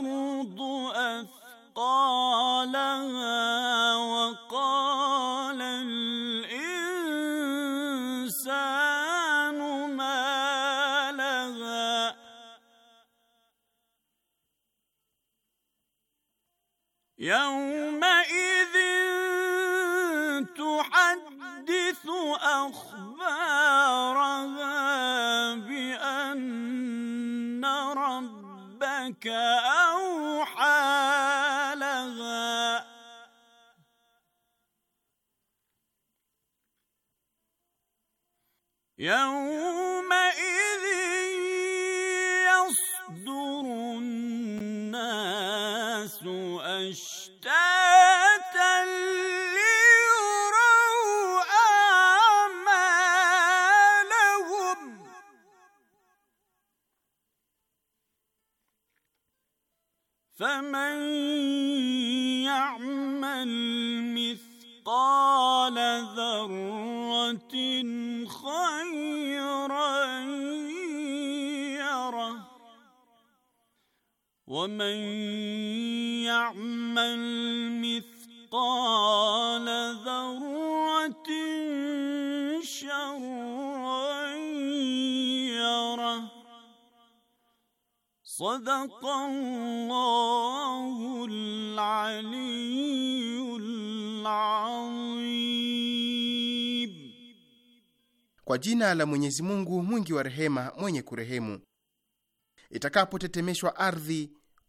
الأرض أثقالها يومئذ يصدر الناس أشتاتا ليروا أعمالهم فمن ومن يعمل مثقال ذرة شرا يره صدق الله العلي العظيم Kwa jina la Mwenyezi Mungu mwingi wa rehema mwenye kurehemu. Itakapotetemeshwa ardhi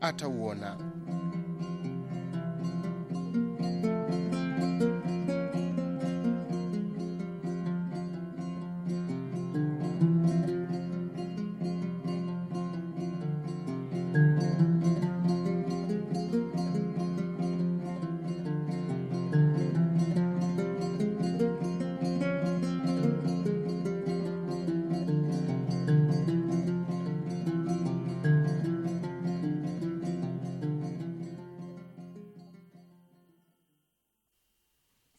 atauona.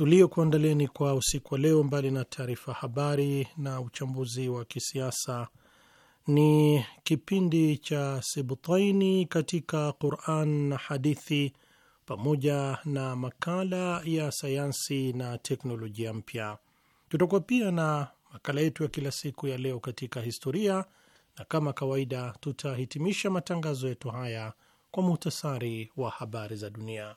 tuliokuandalieni kwa usiku wa leo, mbali na taarifa habari na uchambuzi wa kisiasa, ni kipindi cha Sibtaini katika Quran na Hadithi, pamoja na makala ya sayansi na teknolojia mpya. Tutakuwa pia na makala yetu ya kila siku ya leo katika historia, na kama kawaida tutahitimisha matangazo yetu haya kwa muhtasari wa habari za dunia.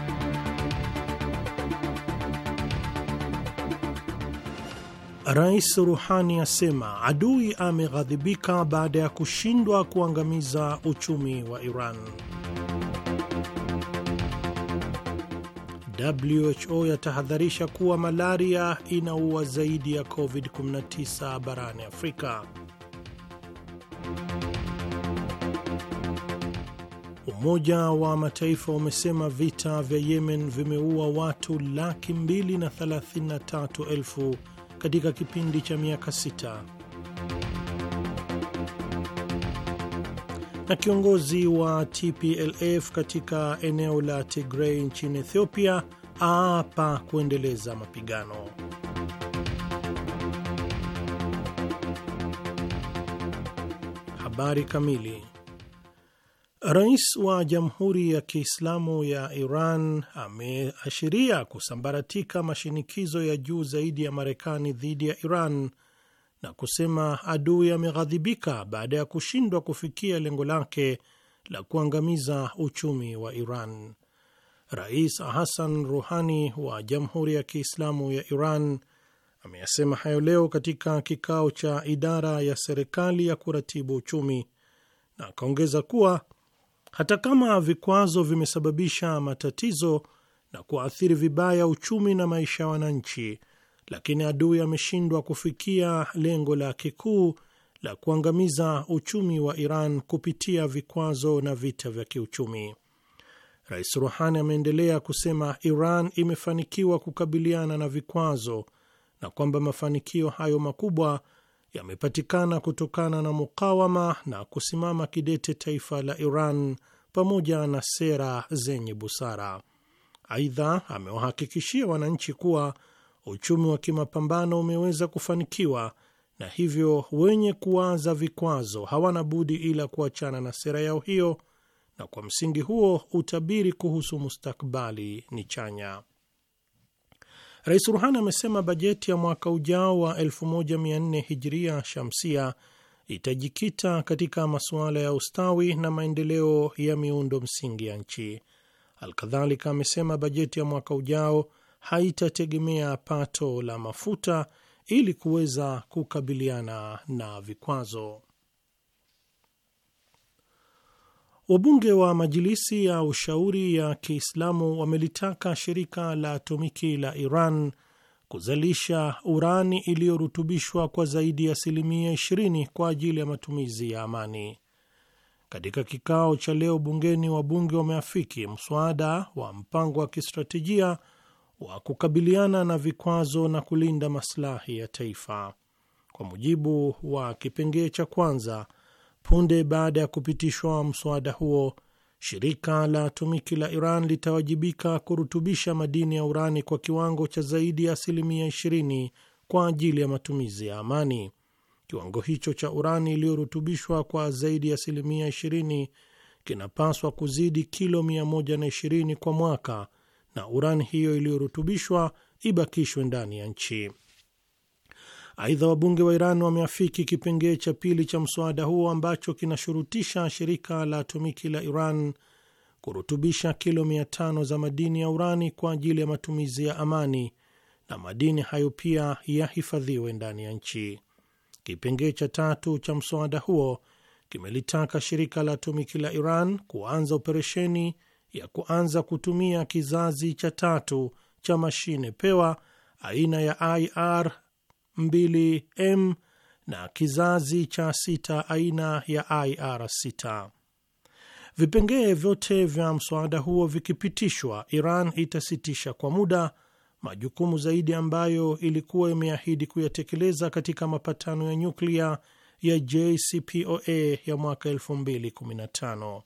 Rais Ruhani asema adui ameghadhibika baada ya kushindwa kuangamiza uchumi wa Iran. WHO yatahadharisha kuwa malaria inaua zaidi ya COVID-19 barani Afrika. Umoja wa Mataifa umesema vita vya Yemen vimeua watu laki mbili na thelathini na tatu elfu katika kipindi cha miaka sita. Na kiongozi wa TPLF katika eneo la Tigray nchini Ethiopia aapa kuendeleza mapigano. Habari kamili Rais wa Jamhuri ya Kiislamu ya Iran ameashiria kusambaratika mashinikizo ya juu zaidi ya Marekani dhidi ya Iran na kusema adui ameghadhibika baada ya kushindwa kufikia lengo lake la kuangamiza uchumi wa Iran. Rais Hassan Ruhani wa Jamhuri ya Kiislamu ya Iran ameyasema hayo leo katika kikao cha idara ya serikali ya kuratibu uchumi na akaongeza kuwa hata kama vikwazo vimesababisha matatizo na kuathiri vibaya uchumi na maisha ya wananchi, lakini adui ameshindwa kufikia lengo lake kuu la kuangamiza uchumi wa Iran kupitia vikwazo na vita vya kiuchumi. Rais Ruhani ameendelea kusema Iran imefanikiwa kukabiliana na vikwazo na kwamba mafanikio hayo makubwa yamepatikana kutokana na mukawama na kusimama kidete taifa la Iran pamoja na sera zenye busara. Aidha, amewahakikishia wananchi kuwa uchumi wa kimapambano umeweza kufanikiwa na hivyo wenye kuwaza vikwazo hawana budi ila kuachana na sera yao hiyo, na kwa msingi huo utabiri kuhusu mustakbali ni chanya. Rais Ruhani amesema bajeti ya mwaka ujao wa 14 hijria shamsia itajikita katika masuala ya ustawi na maendeleo ya miundo msingi ya nchi. Alkadhalika amesema bajeti ya mwaka ujao haitategemea pato la mafuta ili kuweza kukabiliana na vikwazo. Wabunge wa majilisi ya ushauri ya Kiislamu wamelitaka shirika la atomiki la Iran kuzalisha urani iliyorutubishwa kwa zaidi ya asilimia 20 kwa ajili ya matumizi ya amani. Katika kikao cha leo bungeni, wabunge wameafiki mswada wa mpango wa kistratejia wa kukabiliana na vikwazo na kulinda maslahi ya taifa. Kwa mujibu wa kipengee cha kwanza Punde baada ya kupitishwa mswada huo, shirika la tumiki la Iran litawajibika kurutubisha madini ya urani kwa kiwango cha zaidi ya asilimia 20 kwa ajili ya matumizi ya amani. Kiwango hicho cha urani iliyorutubishwa kwa zaidi ya asilimia 20 kinapaswa kuzidi kilo 120 kwa mwaka na urani hiyo iliyorutubishwa ibakishwe ndani ya nchi. Aidha, wabunge wa Iran wameafiki kipengee cha pili cha mswada huo ambacho kinashurutisha shirika la atomiki la Iran kurutubisha kilo mia tano za madini ya urani kwa ajili ya matumizi ya amani na madini hayo pia yahifadhiwe ndani ya nchi. Kipengee cha tatu cha mswada huo kimelitaka shirika la atomiki la Iran kuanza operesheni ya kuanza kutumia kizazi cha tatu cha mashine pewa aina ya IR 2M na kizazi cha sita aina ya IR6. Vipengee vyote vya mswada huo vikipitishwa, Iran itasitisha kwa muda majukumu zaidi ambayo ilikuwa imeahidi kuyatekeleza katika mapatano ya nyuklia ya JCPOA ya mwaka 2015.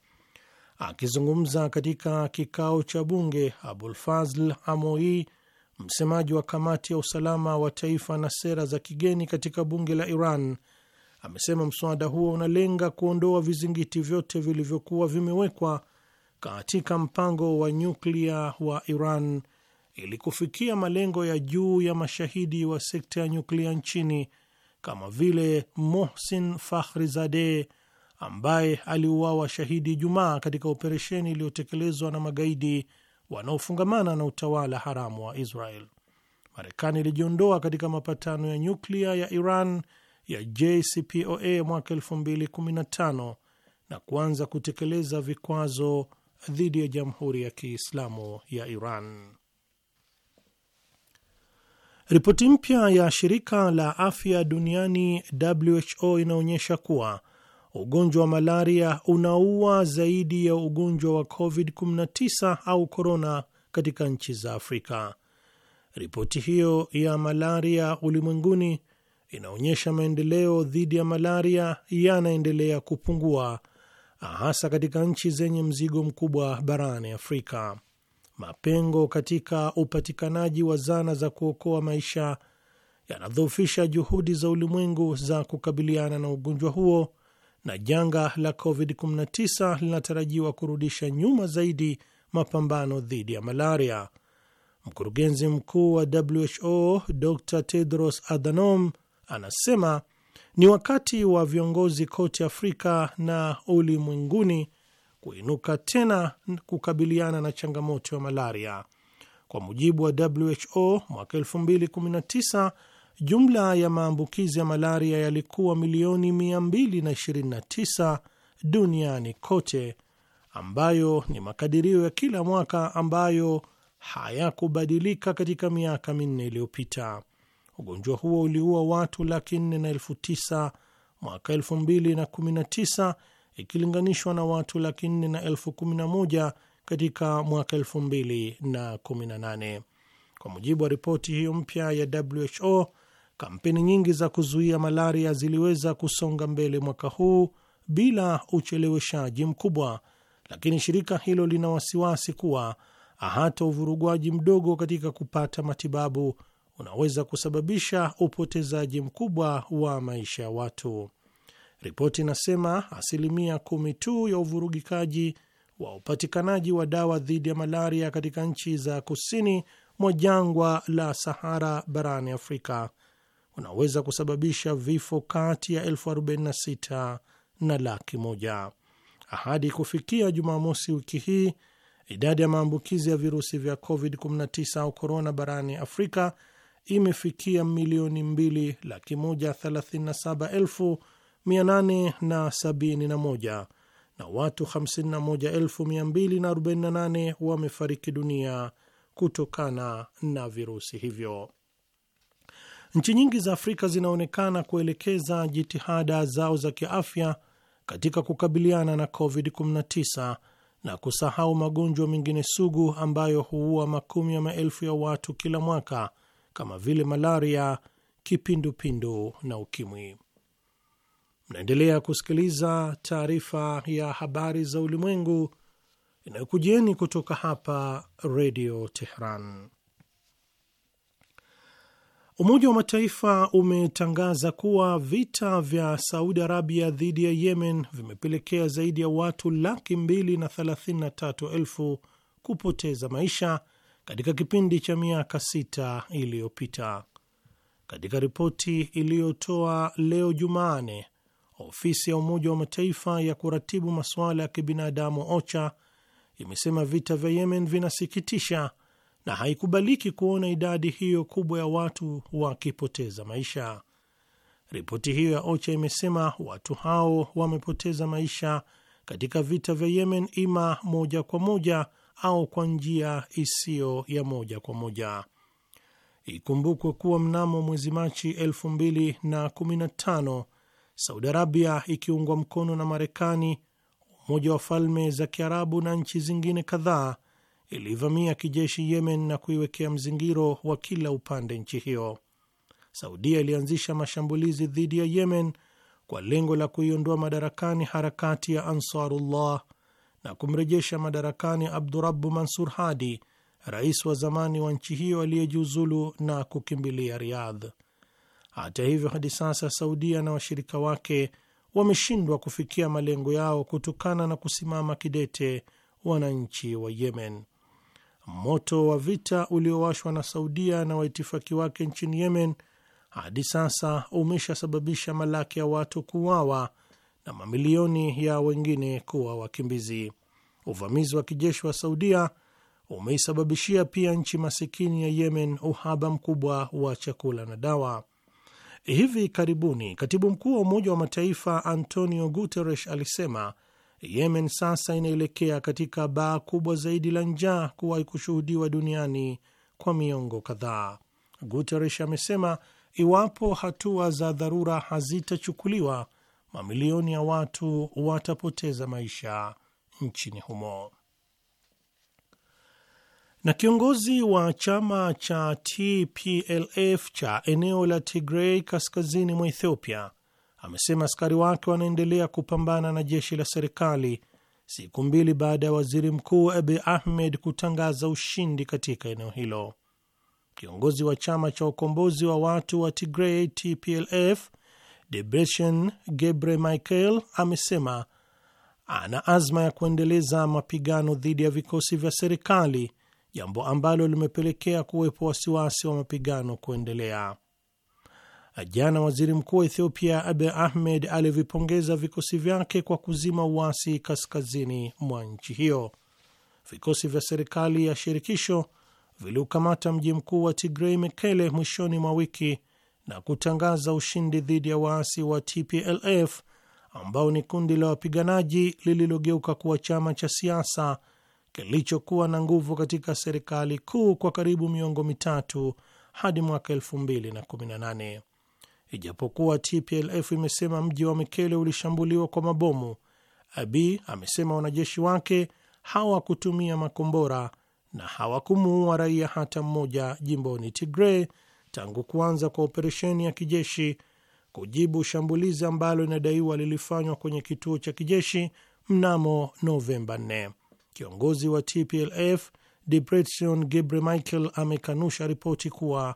Akizungumza katika kikao cha bunge, Abulfazl Amoi, Msemaji wa kamati ya usalama wa taifa na sera za kigeni katika bunge la Iran amesema mswada huo unalenga kuondoa vizingiti vyote vilivyokuwa vimewekwa katika mpango wa nyuklia wa Iran ili kufikia malengo ya juu ya mashahidi wa sekta ya nyuklia nchini kama vile Mohsin Fakhrizadeh ambaye aliuawa shahidi Ijumaa katika operesheni iliyotekelezwa na magaidi wanaofungamana na utawala haramu wa Israel. Marekani ilijiondoa katika mapatano ya nyuklia ya Iran ya JCPOA mwaka 2015 na kuanza kutekeleza vikwazo dhidi ya Jamhuri ya Kiislamu ya Iran. Ripoti mpya ya shirika la afya duniani WHO inaonyesha kuwa ugonjwa wa malaria unaua zaidi ya ugonjwa wa COVID-19 au korona katika nchi za Afrika. Ripoti hiyo ya malaria ulimwenguni inaonyesha maendeleo dhidi ya malaria yanaendelea kupungua, hasa katika nchi zenye mzigo mkubwa barani Afrika. Mapengo katika upatikanaji wa zana za kuokoa maisha yanadhoofisha juhudi za ulimwengu za kukabiliana na ugonjwa huo na janga la COVID-19 linatarajiwa kurudisha nyuma zaidi mapambano dhidi ya malaria. Mkurugenzi mkuu wa WHO Dr Tedros Adhanom anasema ni wakati wa viongozi kote Afrika na ulimwenguni kuinuka tena kukabiliana na changamoto ya malaria. Kwa mujibu wa WHO, mwaka jumla ya maambukizi ya malaria yalikuwa milioni 229 duniani kote, ambayo ni makadirio ya kila mwaka ambayo hayakubadilika katika miaka minne iliyopita. Ugonjwa huo uliua watu laki nne na elfu tisa mwaka elfu mbili na kumi na tisa ikilinganishwa na watu laki nne na elfu kumi na moja katika mwaka elfu mbili na kumi na nane kwa mujibu wa ripoti hiyo mpya ya WHO kampeni nyingi za kuzuia malaria ziliweza kusonga mbele mwaka huu bila ucheleweshaji mkubwa, lakini shirika hilo lina wasiwasi kuwa hata uvurugwaji mdogo katika kupata matibabu unaweza kusababisha upotezaji mkubwa wa maisha ya watu. Ripoti inasema asilimia kumi tu ya uvurugikaji wa upatikanaji wa dawa dhidi ya malaria katika nchi za kusini mwa jangwa la Sahara barani Afrika unaweza kusababisha vifo kati ya elfu 46 na laki moja. Ahadi kufikia Jumamosi wiki hii idadi ya maambukizi ya virusi vya COVID-19 au korona barani Afrika imefikia milioni 2 laki 137,871 na watu 51,248 wamefariki dunia kutokana na virusi hivyo. Nchi nyingi za Afrika zinaonekana kuelekeza jitihada zao za kiafya katika kukabiliana na COVID-19 na kusahau magonjwa mengine sugu ambayo huua makumi ya maelfu ya watu kila mwaka kama vile malaria, kipindupindu na ukimwi. Mnaendelea kusikiliza taarifa ya habari za ulimwengu inayokujieni kutoka hapa Redio teheran Umoja wa Mataifa umetangaza kuwa vita vya Saudi Arabia dhidi ya Yemen vimepelekea zaidi ya watu laki mbili na thelathini na tatu elfu kupoteza maisha katika kipindi cha miaka sita iliyopita. Katika ripoti iliyotoa leo jumane ofisi ya Umoja wa Mataifa ya kuratibu masuala ya kibinadamu OCHA imesema vita vya Yemen vinasikitisha na haikubaliki kuona idadi hiyo kubwa ya watu wakipoteza maisha. Ripoti hiyo ya OCHA imesema watu hao wamepoteza maisha katika vita vya Yemen, ima moja kwa moja au kwa njia isiyo ya moja kwa moja. Ikumbukwe kuwa mnamo mwezi Machi 2015 Saudi Arabia ikiungwa mkono na Marekani, Umoja wa Falme za Kiarabu na nchi zingine kadhaa ilivamia kijeshi Yemen na kuiwekea mzingiro wa kila upande nchi hiyo. Saudia ilianzisha mashambulizi dhidi ya Yemen kwa lengo la kuiondoa madarakani harakati ya Ansarullah na kumrejesha madarakani Abdurabu Mansur Hadi, rais wa zamani wa nchi hiyo aliyejiuzulu na kukimbilia Riyadh. Hata hivyo, hadi sasa Saudia na washirika wake wameshindwa kufikia malengo yao kutokana na kusimama kidete wananchi wa Yemen moto wa vita uliowashwa na Saudia na waitifaki wake nchini Yemen hadi sasa umeshasababisha malaki ya watu kuuawa na mamilioni ya wengine kuwa wakimbizi. Uvamizi wa kijeshi wa Saudia umeisababishia pia nchi masikini ya Yemen uhaba mkubwa wa chakula na dawa. Hivi karibuni katibu mkuu wa Umoja wa Mataifa Antonio Guterres alisema Yemen sasa inaelekea katika baa kubwa zaidi la njaa kuwahi kushuhudiwa duniani kwa miongo kadhaa. Guterres amesema iwapo hatua za dharura hazitachukuliwa, mamilioni ya watu watapoteza maisha nchini humo. Na kiongozi wa chama cha TPLF cha eneo la Tigray kaskazini mwa Ethiopia amesema askari wake wanaendelea kupambana na jeshi la serikali siku mbili baada ya waziri mkuu abi Ahmed kutangaza ushindi katika eneo hilo. Kiongozi wa chama cha ukombozi wa watu wa Tigray TPLF Debretsion Gebre Michael amesema ana azma ya kuendeleza mapigano dhidi ya vikosi vya serikali, jambo ambalo limepelekea kuwepo wasiwasi wa mapigano kuendelea. Jana waziri mkuu wa Ethiopia abi Ahmed alivipongeza vikosi vyake kwa kuzima uasi kaskazini mwa nchi hiyo. Vikosi vya serikali ya shirikisho viliukamata mji mkuu wa Tigrei, Mekele, mwishoni mwa wiki na kutangaza ushindi dhidi ya waasi wa TPLF ambao ni kundi la wapiganaji lililogeuka kuwa chama cha siasa kilichokuwa na nguvu katika serikali kuu kwa karibu miongo mitatu hadi mwaka 218 Ijapokuwa TPLF imesema mji wa Mekele ulishambuliwa kwa mabomu, abi amesema wanajeshi wake hawakutumia makombora na hawakumuua raia hata mmoja jimboni Tigray tangu kuanza kwa operesheni ya kijeshi kujibu shambulizi ambalo inadaiwa lilifanywa kwenye kituo cha kijeshi mnamo Novemba 4. Kiongozi wa TPLF Debretsion Gebremichael amekanusha ripoti kuwa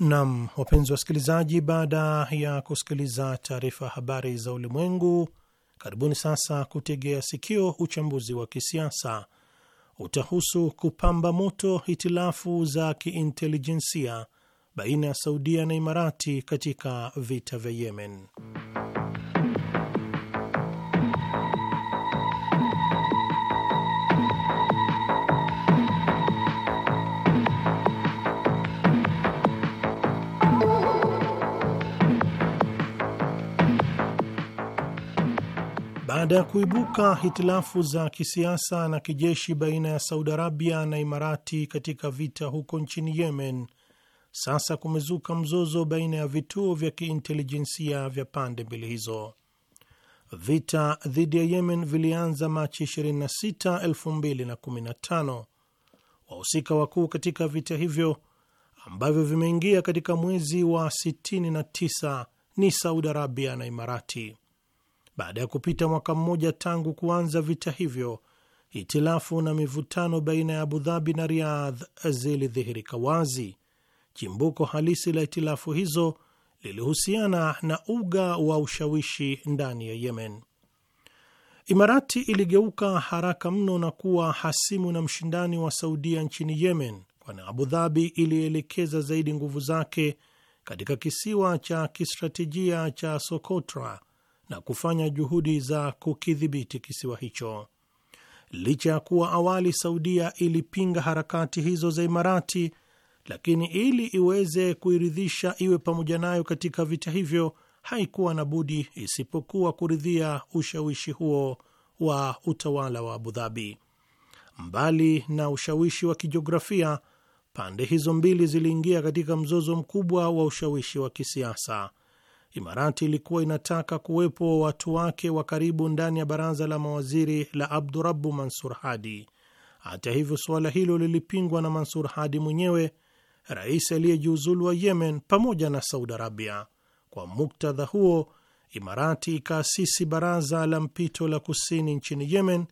Nam, wapenzi wasikilizaji, baada ya kusikiliza taarifa habari za ulimwengu, karibuni sasa kutegea sikio uchambuzi wa kisiasa. Utahusu kupamba moto hitilafu za kiintelijensia baina ya Saudia na Imarati katika vita vya Yemen. Baada ya kuibuka hitilafu za kisiasa na kijeshi baina ya Saudi Arabia na Imarati katika vita huko nchini Yemen, sasa kumezuka mzozo baina ya vituo vya kiintelijensia vya pande mbili hizo. Vita dhidi ya Yemen vilianza Machi 26, 2015. Wahusika wakuu katika vita hivyo ambavyo vimeingia katika mwezi wa 69 ni Saudi Arabia na Imarati baada ya kupita mwaka mmoja tangu kuanza vita hivyo, hitilafu na mivutano baina ya Abu Dhabi na Riyadh zilidhihirika wazi. Chimbuko halisi la hitilafu hizo lilihusiana na uga wa ushawishi ndani ya Yemen. Imarati iligeuka haraka mno na kuwa hasimu na mshindani wa Saudia nchini Yemen, kwani Abu Dhabi ilielekeza zaidi nguvu zake katika kisiwa cha kistratejia cha Sokotra na kufanya juhudi za kukidhibiti kisiwa hicho. Licha ya kuwa awali Saudia ilipinga harakati hizo za Imarati, lakini ili iweze kuiridhisha iwe pamoja nayo katika vita hivyo, haikuwa na budi isipokuwa kuridhia ushawishi huo wa utawala wa Abu Dhabi. Mbali na ushawishi wa kijiografia, pande hizo mbili ziliingia katika mzozo mkubwa wa ushawishi wa kisiasa. Imarati ilikuwa inataka kuwepo watu wake wa karibu ndani ya baraza la mawaziri la Abdurabu Mansur Hadi. Hata hivyo, suala hilo lilipingwa na Mansur Hadi mwenyewe, rais aliyejiuzulu wa Yemen, pamoja na Saudi Arabia. Kwa muktadha huo, Imarati ikaasisi baraza la mpito la kusini nchini Yemen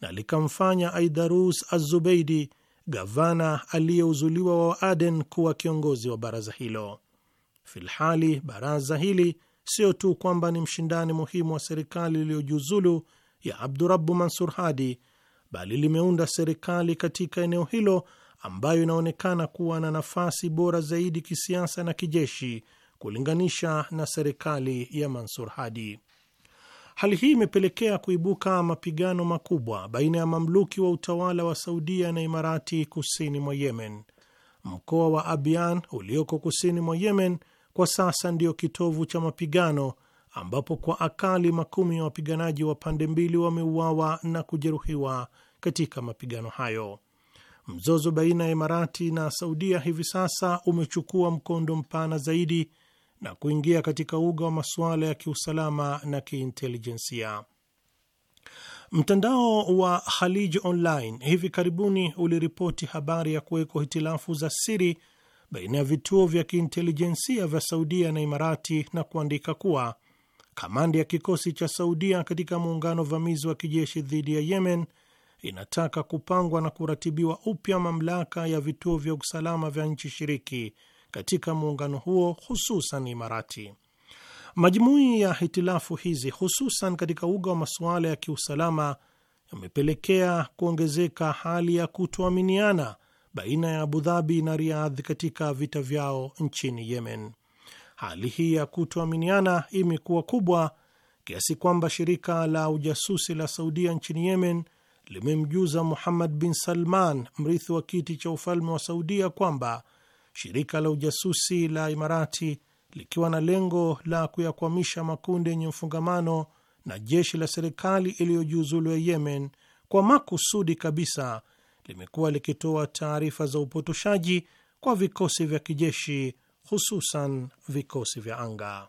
na likamfanya Aidarus Azubeidi, gavana aliyeuzuliwa wa Aden, kuwa kiongozi wa baraza hilo. Filhali baraza hili sio tu kwamba ni mshindani muhimu wa serikali iliyojuzulu ya Abdurabu Mansur Hadi, bali limeunda serikali katika eneo hilo ambayo inaonekana kuwa na nafasi bora zaidi kisiasa na kijeshi kulinganisha na serikali ya Mansur Hadi. Hali hii imepelekea kuibuka mapigano makubwa baina ya mamluki wa utawala wa Saudia na Imarati kusini mwa Yemen. Mkoa wa Abian ulioko kusini mwa Yemen kwa sasa ndiyo kitovu cha mapigano ambapo kwa akali makumi ya wapiganaji wa pande mbili wameuawa na kujeruhiwa katika mapigano hayo. Mzozo baina ya Imarati na Saudia hivi sasa umechukua mkondo mpana zaidi na kuingia katika uga wa masuala ya kiusalama na kiintelijensia. Mtandao wa Khalij Online hivi karibuni uliripoti habari ya kuwekwa hitilafu za siri baina ya vituo vya kiintelijensia vya Saudia na Imarati na kuandika kuwa kamandi ya kikosi cha Saudia katika muungano vamizi wa kijeshi dhidi ya Yemen inataka kupangwa na kuratibiwa upya mamlaka ya vituo vya usalama vya nchi shiriki katika muungano huo, hususan Imarati. Majumui ya hitilafu hizi hususan katika uga wa masuala ya kiusalama yamepelekea kuongezeka hali ya kutoaminiana baina ya Abu Dhabi na Riyadh katika vita vyao nchini Yemen. Hali hii ya kutoaminiana imekuwa kubwa kiasi kwamba shirika la ujasusi la Saudia nchini Yemen limemjuza Muhammad bin Salman, mrithi wa kiti cha ufalme wa Saudia, kwamba shirika la ujasusi la Imarati likiwa na lengo la kuyakwamisha makundi yenye mfungamano na jeshi la serikali iliyojiuzulu ya Yemen kwa makusudi kabisa limekuwa likitoa taarifa za upotoshaji kwa vikosi vya kijeshi, hususan vikosi vya anga.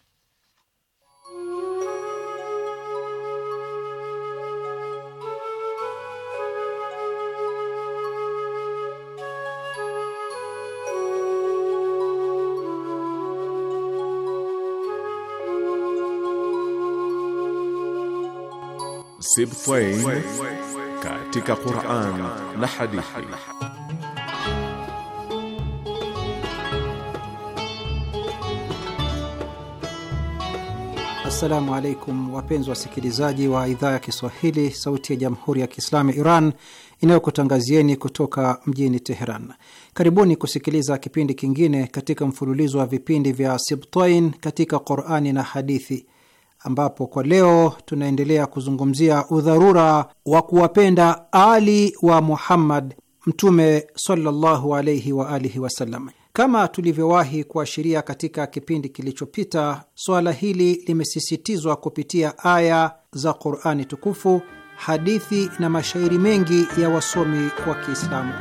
Sibtain katika Qur'an na hadithi. Assalamu alaikum wapenzi wasikilizaji wa idhaa ya Kiswahili sauti ya Jamhuri ya Kiislamu Iran inayokutangazieni kutoka mjini Teheran. Karibuni kusikiliza kipindi kingine katika mfululizo wa vipindi vya Sibtain katika Qur'ani na hadithi ambapo kwa leo tunaendelea kuzungumzia udharura wa kuwapenda Ali wa Muhammad Mtume sallallahu alaihi wa alihi wasallam. Kama tulivyowahi kuashiria katika kipindi kilichopita, suala hili limesisitizwa kupitia aya za Qurani Tukufu, hadithi na mashairi mengi ya wasomi wa Kiislamu.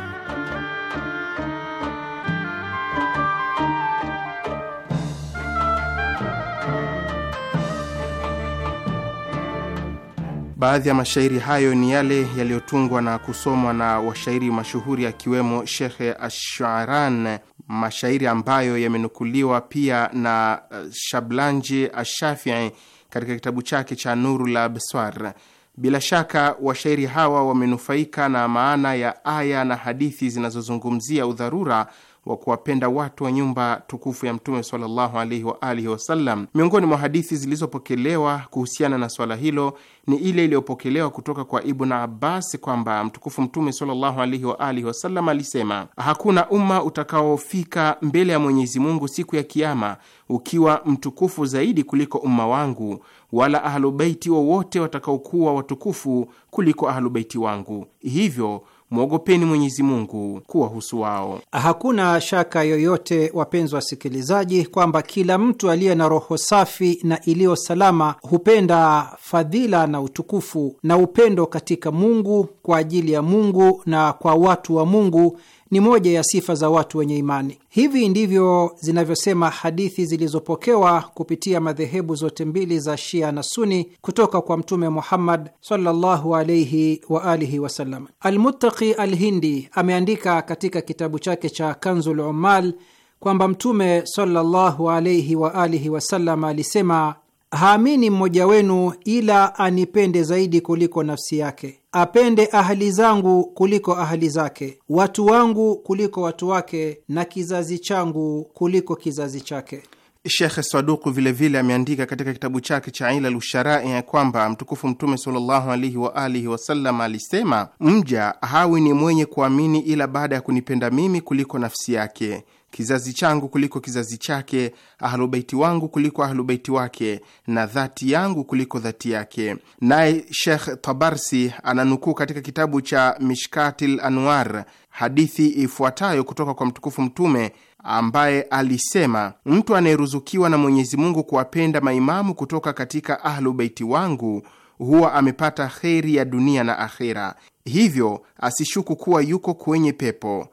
Baadhi ya mashairi hayo ni yale yaliyotungwa na kusomwa na washairi mashuhuri akiwemo Shekhe Ashuaran, mashairi ambayo yamenukuliwa pia na eh, Shablanji Ashafii katika kitabu chake cha Nurul Absar. Bila shaka washairi hawa wamenufaika na maana ya aya na hadithi zinazozungumzia udharura wa kuwapenda watu wa nyumba tukufu ya Mtume sallallahu alaihi wa alihi wasallam. Miongoni mwa hadithi zilizopokelewa kuhusiana na swala hilo ni ile iliyopokelewa kutoka kwa Ibn Abbas kwamba mtukufu Mtume sallallahu alaihi wa alihi wasallam alisema, hakuna umma utakaofika mbele ya Mwenyezi Mungu siku ya Kiama ukiwa mtukufu zaidi kuliko umma wangu, wala ahlubeiti wowote watakaokuwa watukufu kuliko ahlubeiti wangu. Hivyo mwogopeni Mwenyezi Mungu kuwahusu wao. Hakuna shaka yoyote, wapenzi wasikilizaji, kwamba kila mtu aliye na roho safi na iliyo salama hupenda fadhila na utukufu na upendo katika Mungu, kwa ajili ya Mungu na kwa watu wa Mungu ni moja ya sifa za watu wenye imani. Hivi ndivyo zinavyosema hadithi zilizopokewa kupitia madhehebu zote mbili za Shia na Suni kutoka kwa Mtume Muhammad sallallahu alaihi wa alihi wasallam. Almuttaqi Alhindi ameandika katika kitabu chake cha Kanzul Ummal kwamba Mtume sallallahu alaihi wa alihi wasallam alisema haamini mmoja wenu ila anipende zaidi kuliko nafsi yake, apende ahali zangu kuliko ahali zake, watu wangu kuliko watu wake, na kizazi changu kuliko kizazi chake. Shekhe Saduku vilevile ameandika katika kitabu chake cha ila lusharai ya kwamba mtukufu Mtume sallallahu wa alihi wasallam alisema, mja hawi ni mwenye kuamini ila baada ya kunipenda mimi kuliko nafsi yake kizazi changu kuliko kizazi chake, ahlubeiti wangu kuliko ahlubeiti wake, na dhati yangu kuliko dhati yake. Naye Shekh Tabarsi ananukuu katika kitabu cha Mishkatil Anwar hadithi ifuatayo kutoka kwa mtukufu Mtume ambaye alisema, mtu anayeruzukiwa na Mwenyezi Mungu kuwapenda maimamu kutoka katika ahlubeiti wangu huwa amepata kheri ya dunia na akhera, hivyo asishuku kuwa yuko kwenye pepo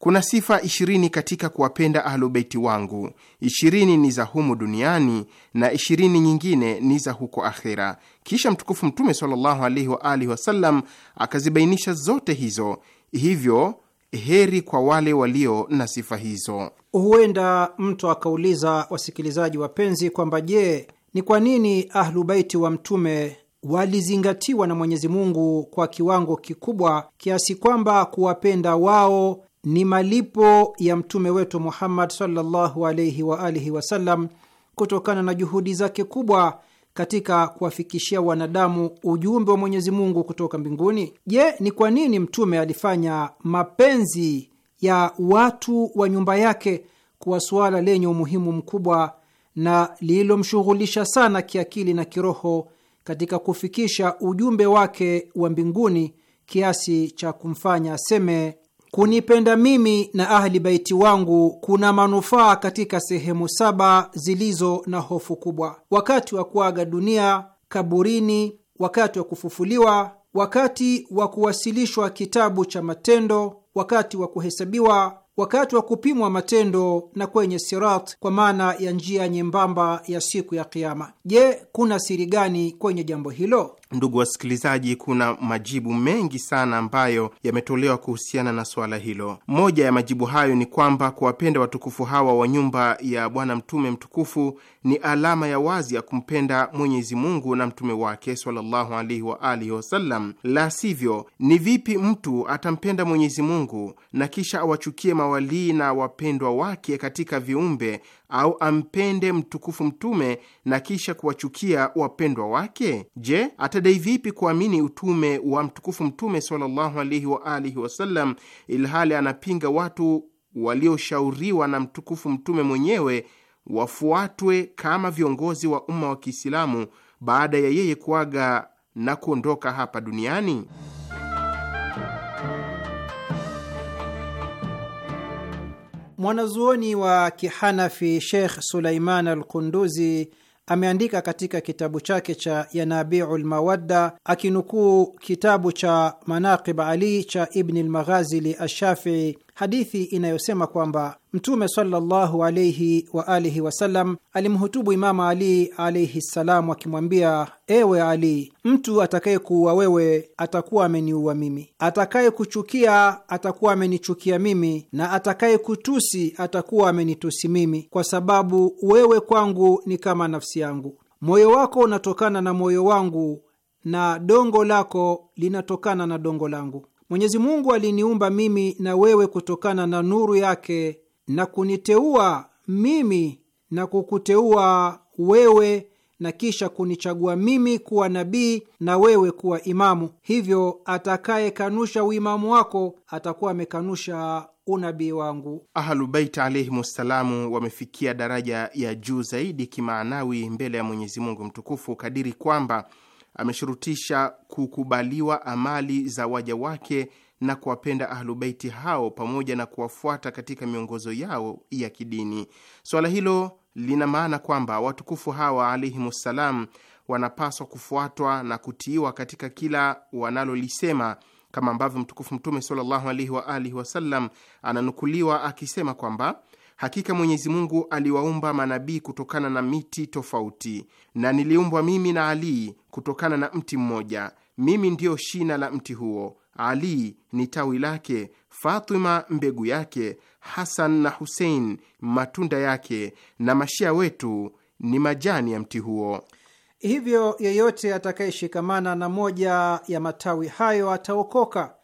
kuna sifa ishirini katika kuwapenda ahlubeiti wangu, ishirini ni za humu duniani na ishirini nyingine ni za huko akhera. Kisha mtukufu Mtume sallallahu alaihi wa alihi wasallam akazibainisha zote hizo, hivyo heri kwa wale walio na sifa hizo. Huenda mtu akauliza, wasikilizaji wapenzi, kwamba je, ni kwa nini ahlubeiti wa mtume walizingatiwa na Mwenyezi Mungu kwa kiwango kikubwa kiasi kwamba kuwapenda wao ni malipo ya mtume wetu Muhammad sallallahu alaihi wa alihi wasallam kutokana na juhudi zake kubwa katika kuwafikishia wanadamu ujumbe wa Mwenyezi Mungu kutoka mbinguni. Je, ni kwa nini mtume alifanya mapenzi ya watu wa nyumba yake kuwa suala lenye umuhimu mkubwa na lililomshughulisha sana kiakili na kiroho katika kufikisha ujumbe wake wa mbinguni kiasi cha kumfanya aseme kunipenda mimi na ahli baiti wangu kuna manufaa katika sehemu saba zilizo na hofu kubwa: wakati wa kuaga dunia, kaburini, wakati wa kufufuliwa, wakati wa kuwasilishwa kitabu cha matendo, wakati wa kuhesabiwa, wakati wa kupimwa matendo na kwenye sirat, kwa maana ya njia nyembamba ya siku ya Kiama. Je, kuna siri gani kwenye jambo hilo? Ndugu wasikilizaji, kuna majibu mengi sana ambayo yametolewa kuhusiana na suala hilo. Moja ya majibu hayo ni kwamba kuwapenda watukufu hawa wa nyumba ya Bwana Mtume mtukufu ni alama ya wazi ya kumpenda Mwenyezi Mungu na mtume wake sallallahu alaihi wa alihi wasallam. La sivyo, ni vipi mtu atampenda Mwenyezi Mungu na kisha awachukie mawalii na wapendwa wake katika viumbe au ampende mtukufu mtume na kisha kuwachukia wapendwa wake? Je, atadai vipi kuamini utume wa mtukufu mtume sallallahu alaihi wa alihi wasallam, ilhali anapinga watu walioshauriwa na mtukufu mtume mwenyewe wafuatwe kama viongozi wa umma wa Kiislamu baada ya yeye kuaga na kuondoka hapa duniani? Mwanazuoni wa kihanafi Sheikh al Kunduzi ameandika katika kitabu chake cha yanabiu lmawadda akinukuu kitabu cha Manaqib Ali cha Ibni Lmaghazili Ashafii hadithi inayosema kwamba Mtume sallallahu alaihi wa alihi wasallam alimhutubu Imama Ali alaihi ssalam akimwambia, ewe Ali, mtu atakayekuua wewe atakuwa ameniua mimi, atakayekuchukia atakuwa amenichukia mimi, na atakayekutusi atakuwa amenitusi mimi, kwa sababu wewe kwangu ni kama nafsi yangu. Moyo wako unatokana na moyo wangu na dongo lako linatokana na dongo langu. Mwenyezi Mungu aliniumba mimi na wewe kutokana na nuru yake na kuniteua mimi na kukuteua wewe na kisha kunichagua mimi kuwa nabii na wewe kuwa imamu. Hivyo atakayekanusha uimamu wako atakuwa amekanusha unabii wangu. Ahlubeit ssalamu wamefikia daraja ya juu zaidi kimaanawi mbele ya Mwenyezi Mungu mtukufu kadiri kwamba ameshurutisha kukubaliwa amali za waja wake na kuwapenda ahlubeiti hao pamoja na kuwafuata katika miongozo yao ya kidini. Suala hilo lina maana kwamba watukufu hawa alaihimussalam wanapaswa kufuatwa na kutiiwa katika kila wanalolisema kama ambavyo mtukufu Mtume sallallahu alaihi wa alihi wasallam ananukuliwa akisema kwamba Hakika Mwenyezi Mungu aliwaumba manabii kutokana na miti tofauti, na niliumbwa mimi na Ali kutokana na mti mmoja. Mimi ndiyo shina la mti huo, Ali ni tawi lake, Fatima mbegu yake, Hasan na Husein matunda yake, na mashia wetu ni majani ya mti huo. Hivyo yeyote atakayeshikamana na moja ya matawi hayo ataokoka,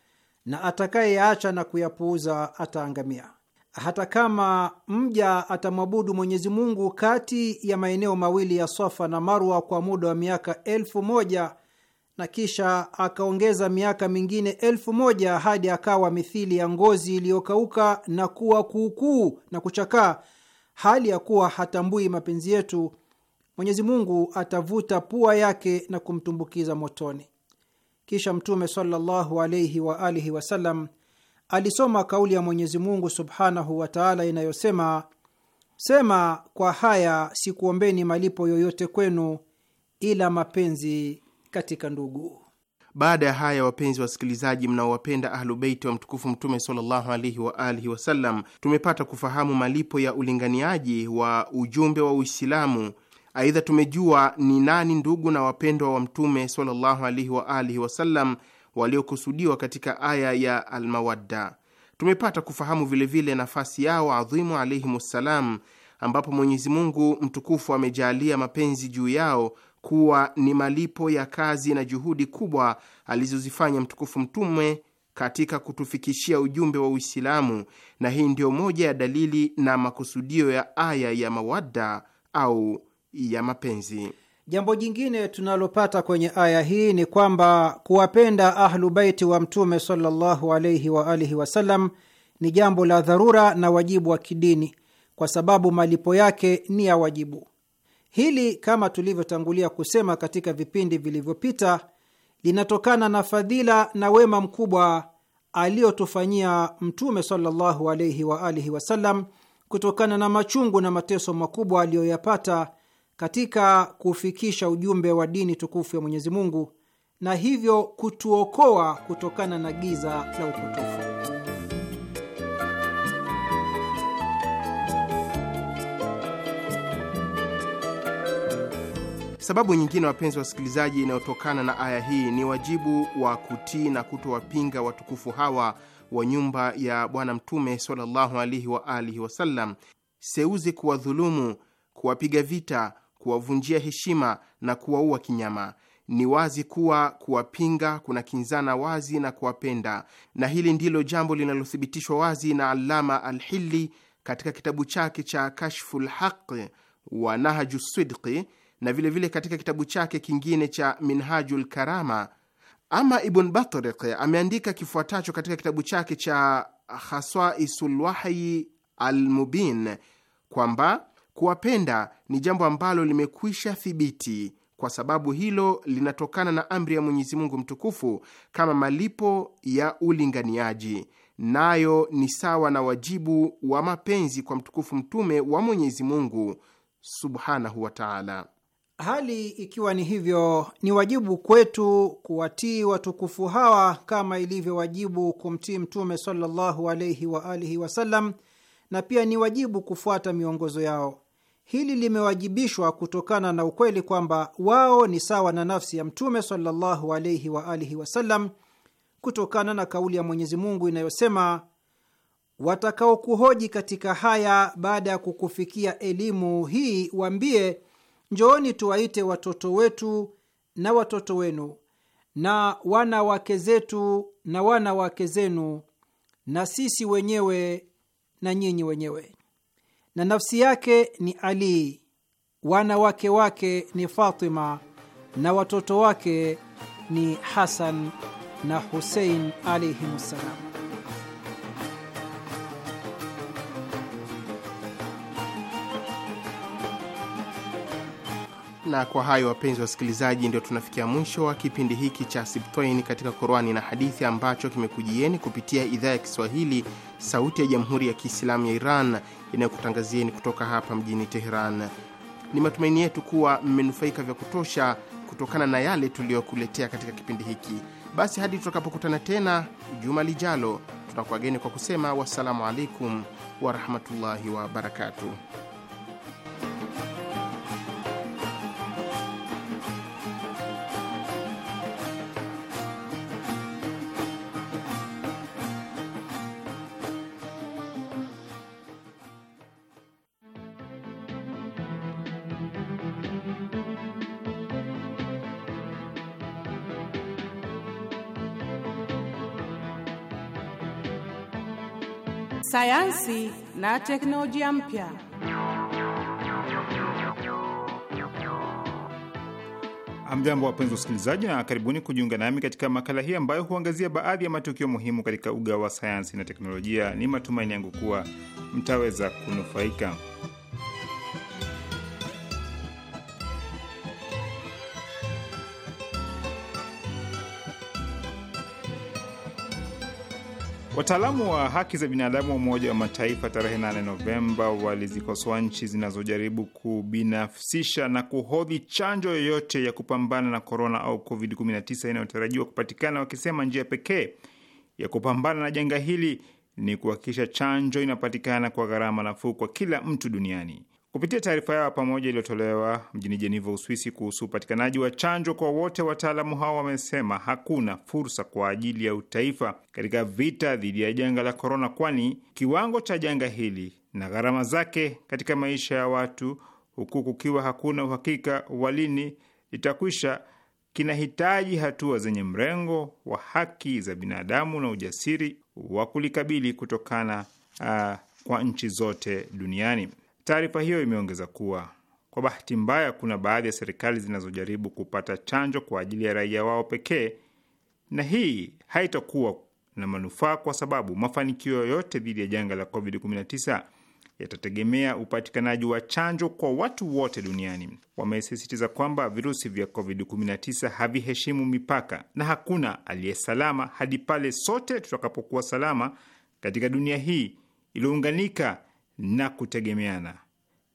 na atakayeyaacha na kuyapuuza ataangamia hata kama mja atamwabudu Mwenyezi Mungu kati ya maeneo mawili ya Safa na Marwa kwa muda wa miaka elfu moja na kisha akaongeza miaka mingine elfu moja hadi akawa mithili ya ngozi iliyokauka na kuwa kuukuu na kuchakaa, hali ya kuwa hatambui mapenzi yetu, Mwenyezi Mungu atavuta pua yake na kumtumbukiza motoni. Kisha Mtume sallallahu alaihi waalihi wasallam alisoma kauli ya Mwenyezi Mungu subhanahu wa taala inayosema, sema kwa haya sikuombeni malipo yoyote kwenu ila mapenzi katika ndugu. Baada ya haya, wapenzi wasikilizaji, mnaowapenda Ahlubeiti wa mtukufu Mtume sallallahu wa alihi wasallam, tumepata kufahamu malipo ya ulinganiaji wa ujumbe wa Uislamu. Aidha, tumejua ni nani ndugu na wapendwa wa Mtume sallallahu wa alihi wasallam waliokusudiwa katika aya ya Almawadda. Tumepata kufahamu vilevile vile nafasi yao adhimu alaihimussalam, ambapo Mwenyezi Mungu mtukufu amejaalia mapenzi juu yao kuwa ni malipo ya kazi na juhudi kubwa alizozifanya mtukufu Mtume katika kutufikishia ujumbe wa Uislamu, na hii ndiyo moja ya dalili na makusudio ya aya ya mawadda au ya mapenzi. Jambo jingine tunalopata kwenye aya hii ni kwamba kuwapenda Ahlu Baiti wa Mtume sallallahu alaihi wa alihi wasallam ni jambo la dharura na wajibu wa kidini, kwa sababu malipo yake ni ya wajibu. Hili kama tulivyotangulia kusema katika vipindi vilivyopita, linatokana na fadhila na wema mkubwa aliyotufanyia Mtume sallallahu alaihi wa alihi wasallam kutokana na machungu na mateso makubwa aliyoyapata katika kufikisha ujumbe wa dini tukufu ya Mwenyezi Mungu na hivyo kutuokoa kutokana na giza la upotofu. Sababu nyingine, wapenzi wasikilizaji, inayotokana na aya hii ni wajibu wa kutii na kutowapinga watukufu hawa wa nyumba ya Bwana Mtume sallallahu alaihi wa alihi wasallam, seuzi kuwadhulumu, kuwapiga vita kuwavunjia heshima na kuwaua kinyama. Ni wazi kuwa kuwapinga kuna kinzana wazi na kuwapenda, na hili ndilo jambo linalothibitishwa wazi na Allama Alhilli katika kitabu chake cha Kashful Haqi wa Nahaju Sidqi na vilevile vile katika kitabu chake kingine cha Minhajul Karama. Ama Ibn Batriq ameandika kifuatacho katika kitabu chake cha Khasaisul Wahyi Almubin kwamba Kuwapenda ni jambo ambalo limekwisha thibiti, kwa sababu hilo linatokana na amri ya Mwenyezi Mungu mtukufu kama malipo ya ulinganiaji, nayo ni sawa na wajibu wa mapenzi kwa mtukufu mtume wa Mwenyezi Mungu subhanahu wa taala. Hali ikiwa ni hivyo, ni wajibu kwetu kuwatii watukufu hawa kama ilivyo wajibu kumtii Mtume sallallahu alaihi waalihi wasallam, na pia ni wajibu kufuata miongozo yao hili limewajibishwa kutokana na ukweli kwamba wao ni sawa na nafsi ya Mtume sallallahu alaihi wa alihi wasallam, kutokana na kauli ya Mwenyezi Mungu inayosema watakaokuhoji katika haya baada ya kukufikia elimu hii, waambie njooni tuwaite watoto wetu na watoto wenu na wanawake zetu na wanawake zenu na sisi wenyewe na nyinyi wenyewe na nafsi yake ni Ali, wanawake wake ni Fatima na watoto wake ni Hasan na Husein alaihimussalam. Na kwa hayo, wapenzi wa wasikilizaji, ndio tunafikia mwisho wa kipindi hiki cha Sibtain katika Qurani na Hadithi ambacho kimekujieni kupitia idhaa ya Kiswahili, Sauti ya Jamhuri ya Kiislamu ya Iran inayokutangazieni kutoka hapa mjini Teheran. Ni matumaini yetu kuwa mmenufaika vya kutosha kutokana na yale tuliyokuletea katika kipindi hiki. Basi hadi tutakapokutana tena juma lijalo, tutakuwageni kwa kusema wassalamu alaikum warahmatullahi wabarakatuh. sayansi na teknolojia mpya. Amjambo, wapenzi usikilizaji, na karibuni kujiunga nami katika makala hii ambayo huangazia baadhi ya matukio muhimu katika uga wa sayansi na teknolojia. Ni matumaini yangu kuwa mtaweza kunufaika. Wataalamu wa haki za binadamu wa Umoja wa Mataifa tarehe 8 Novemba walizikosoa nchi zinazojaribu kubinafsisha na kuhodhi chanjo yoyote ya kupambana na korona au covid-19 inayotarajiwa kupatikana, wakisema njia pekee ya kupambana na janga hili ni kuhakikisha chanjo inapatikana kwa gharama nafuu kwa kila mtu duniani. Kupitia taarifa yao pamoja iliyotolewa mjini Jeniva, Uswisi, kuhusu upatikanaji wa chanjo kwa wote, wataalamu hao wamesema hakuna fursa kwa ajili ya utaifa katika vita dhidi ya janga la korona, kwani kiwango cha janga hili na gharama zake katika maisha ya watu, huku kukiwa hakuna uhakika wa lini litakwisha, kinahitaji hatua zenye mrengo wa haki za binadamu na ujasiri wa kulikabili kutokana uh, kwa nchi zote duniani. Taarifa hiyo imeongeza kuwa kwa bahati mbaya, kuna baadhi ya serikali zinazojaribu kupata chanjo kwa ajili ya raia wao pekee, na hii haitakuwa na manufaa kwa sababu mafanikio yoyote dhidi ya janga la COVID-19 yatategemea upatikanaji wa chanjo kwa watu wote duniani. Wamesisitiza kwamba virusi vya COVID-19 haviheshimu mipaka na hakuna aliyesalama hadi pale sote tutakapokuwa salama katika dunia hii iliyounganika na kutegemeana,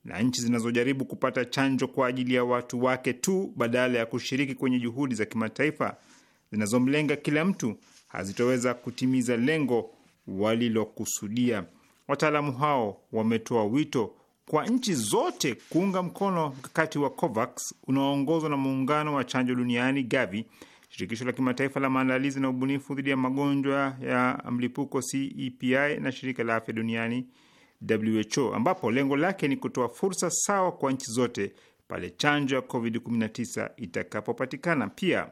na nchi zinazojaribu kupata chanjo kwa ajili ya watu wake tu badala ya kushiriki kwenye juhudi za kimataifa zinazomlenga kila mtu hazitoweza kutimiza lengo walilokusudia. Wataalamu hao wametoa wito kwa nchi zote kuunga mkono mkakati wa COVAX unaoongozwa na muungano wa chanjo duniani GAVI, shirikisho la kimataifa la maandalizi na ubunifu dhidi ya magonjwa ya mlipuko CEPI na shirika la afya duniani WHO ambapo lengo lake ni kutoa fursa sawa kwa nchi zote pale chanjo ya COVID-19 itakapopatikana. Pia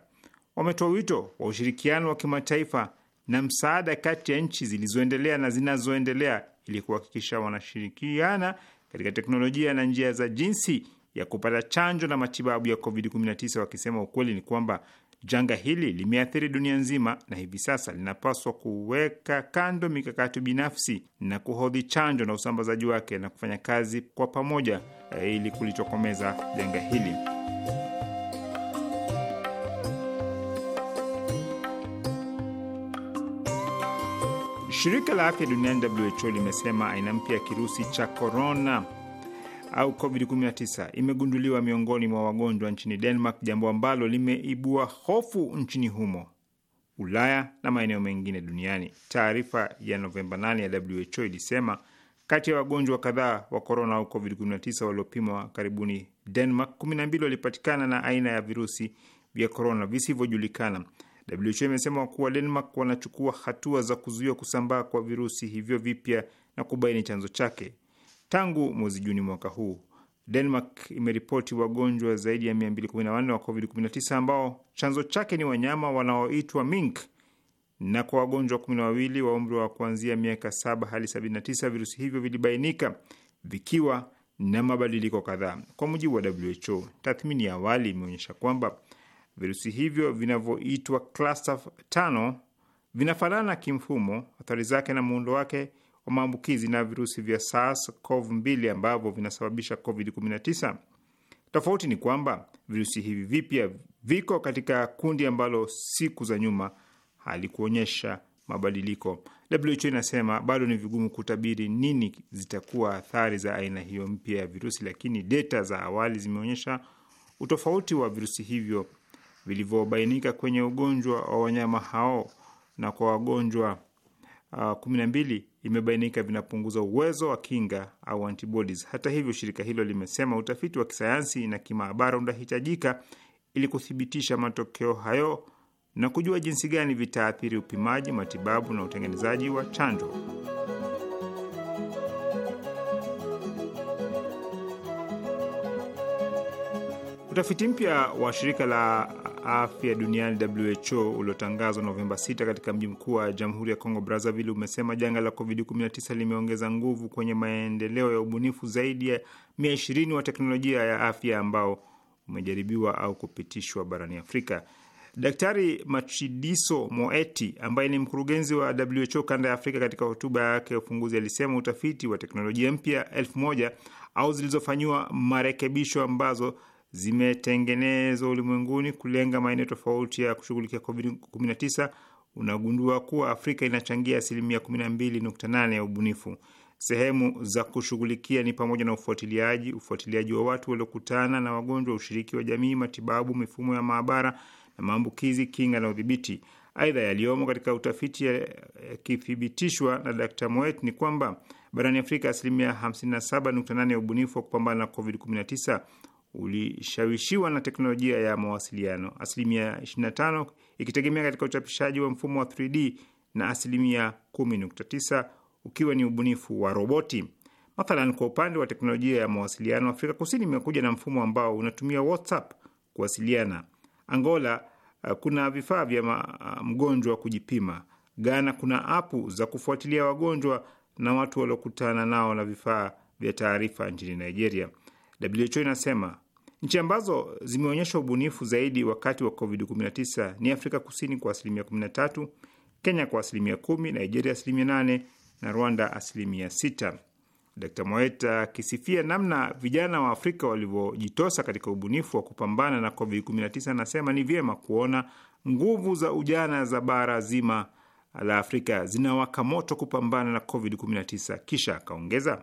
wametoa wito wa ushirikiano wa kimataifa na msaada kati ya nchi zilizoendelea na zinazoendelea ili kuhakikisha wanashirikiana katika teknolojia na njia za jinsi ya kupata chanjo na matibabu ya COVID-19, wakisema ukweli ni kwamba Janga hili limeathiri dunia nzima na hivi sasa linapaswa kuweka kando mikakati binafsi na kuhodhi chanjo na usambazaji wake na kufanya kazi kwa pamoja eh, ili kulitokomeza janga hili. Shirika la Afya Duniani, WHO, limesema aina mpya ya kirusi cha korona au COVID-19 imegunduliwa miongoni mwa wagonjwa nchini Denmark, jambo ambalo limeibua hofu nchini humo, Ulaya na maeneo mengine duniani. Taarifa ya Novemba 8 ya WHO ilisema kati ya wagonjwa kadhaa wa korona au COVID-19 waliopimwa karibuni Denmark, 12 walipatikana na aina ya virusi vya korona visivyojulikana. WHO imesema kuwa Denmark wanachukua hatua za kuzuia kusambaa kwa virusi hivyo vipya na kubaini chanzo chake. Tangu mwezi Juni mwaka huu, Denmark imeripoti wagonjwa zaidi ya 214 wa COVID-19 ambao chanzo chake ni wanyama wanaoitwa mink, na kwa wagonjwa 12 na wa umri wa kuanzia miaka 7 hadi 79 virusi hivyo vilibainika vikiwa na mabadiliko kadhaa. Kwa mujibu wa WHO, tathmini ya awali imeonyesha kwamba virusi hivyo vinavyoitwa cluster tano vinafanana kimfumo, athari zake na muundo wake wa maambukizi na virusi vya SARS-CoV-2 ambavyo vinasababisha COVID-19. Tofauti ni kwamba virusi hivi vipya viko katika kundi ambalo siku za nyuma halikuonyesha mabadiliko. WHO inasema bado ni vigumu kutabiri nini zitakuwa athari za aina hiyo mpya ya virusi, lakini data za awali zimeonyesha utofauti wa virusi hivyo vilivyobainika kwenye ugonjwa wa wanyama hao na kwa wagonjwa 12 ah, imebainika vinapunguza uwezo wa kinga au antibodies. Hata hivyo, shirika hilo limesema utafiti wa kisayansi na kimaabara unahitajika ili kuthibitisha matokeo hayo na kujua jinsi gani vitaathiri upimaji, matibabu na utengenezaji wa chanjo. Utafiti mpya wa shirika la afya duniani WHO uliotangazwa Novemba 6 katika mji mkuu wa jamhuri ya Kongo, Brazzaville, umesema janga la COVID-19 limeongeza nguvu kwenye maendeleo ya ubunifu zaidi ya ishirini wa teknolojia ya afya ambao umejaribiwa au kupitishwa barani Afrika. Daktari machidiso Moeti ambaye ni mkurugenzi wa WHO kanda ya Afrika, katika hotuba yake ya ufunguzi alisema utafiti wa teknolojia mpya elfu moja au zilizofanyiwa marekebisho ambazo zimetengenezwa ulimwenguni kulenga maeneo tofauti ya kushughulikia COVID-19, unagundua kuwa Afrika inachangia asilimia 12.8 ya ubunifu. Sehemu za kushughulikia ni pamoja na ufuatiliaji, ufuatiliaji wa watu waliokutana na wagonjwa, ushiriki wa jamii, matibabu, mifumo ya maabara na maambukizi, kinga na udhibiti. Aidha, yaliyomo katika utafiti yakithibitishwa na d Moet ni kwamba barani Afrika asilimia 57.8 ya ubunifu wa kupambana na COVID-19 ulishawishiwa na teknolojia ya mawasiliano, asilimia 25 ikitegemea katika uchapishaji wa mfumo wa 3D na asilimia 10.9 ukiwa ni ubunifu wa roboti. Mathalan, kwa upande wa teknolojia ya mawasiliano, Afrika Kusini imekuja na mfumo ambao unatumia WhatsApp kuwasiliana. Angola eh, kuna vifaa vya eh, mgonjwa kujipima. Ghana kuna apu za kufuatilia wagonjwa na watu waliokutana nao na vifaa vya taarifa nchini Nigeria. WHO inasema nchi ambazo zimeonyesha ubunifu zaidi wakati wa COVID-19 ni Afrika Kusini kwa asilimia 13, Kenya kwa asilimia 10, Nigeria asilimia 8 na Rwanda asilimia 6. Dr Moeta akisifia namna vijana wa Afrika walivyojitosa katika ubunifu wa kupambana na COVID-19, anasema ni vyema kuona nguvu za ujana za bara zima la Afrika zinawaka moto kupambana na COVID-19. Kisha akaongeza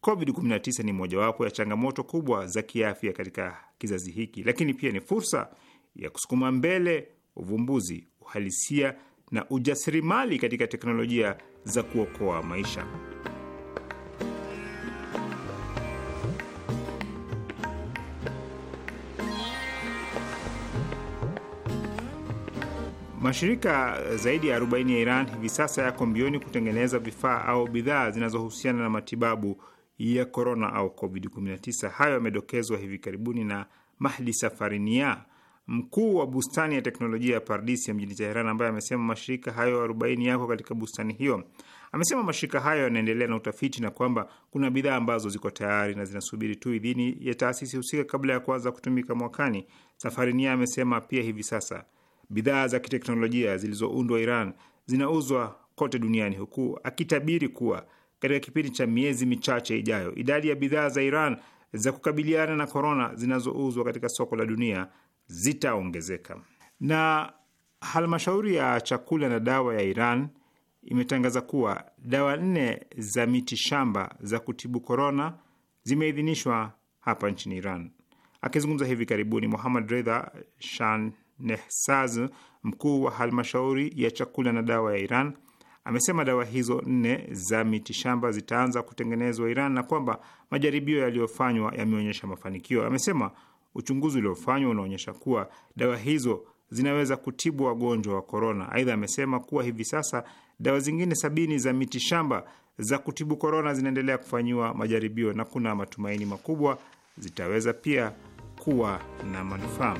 COVID-19 ni mojawapo ya changamoto kubwa za kiafya katika kizazi hiki, lakini pia ni fursa ya kusukuma mbele uvumbuzi, uhalisia na ujasirimali katika teknolojia za kuokoa maisha. Mashirika zaidi ya 40 ya Iran hivi sasa yako mbioni kutengeneza vifaa au bidhaa zinazohusiana na matibabu ya korona au COVID-19. Hayo yamedokezwa hivi karibuni na Mahdi Safarinia, mkuu wa bustani ya teknolojia ya Pardisi ya mjini Teheran, ambaye amesema mashirika hayo 40 yako katika bustani hiyo. Amesema mashirika hayo yanaendelea na utafiti na kwamba kuna bidhaa ambazo ziko tayari na zinasubiri tu idhini ya taasisi husika kabla ya kuanza kutumika mwakani. Safarinia amesema pia hivi sasa bidhaa za kiteknolojia zilizoundwa Iran zinauzwa kote duniani, huku akitabiri kuwa katika kipindi cha miezi michache ijayo. Idadi ya bidhaa za Iran za kukabiliana na korona zinazouzwa katika soko la dunia zitaongezeka. Na halmashauri ya chakula na dawa ya Iran imetangaza kuwa dawa nne za miti shamba za kutibu korona zimeidhinishwa hapa nchini Iran. Akizungumza hivi karibuni, Muhamad Redha Shanehsaz, mkuu wa halmashauri ya chakula na dawa ya Iran, Amesema dawa hizo nne za mitishamba zitaanza kutengenezwa Iran na kwamba majaribio yaliyofanywa yameonyesha mafanikio. Amesema uchunguzi uliofanywa unaonyesha kuwa dawa hizo zinaweza kutibu wagonjwa wa korona. Aidha, amesema kuwa hivi sasa dawa zingine sabini za mitishamba za kutibu korona zinaendelea kufanyiwa majaribio na kuna matumaini makubwa zitaweza pia kuwa na manufaa.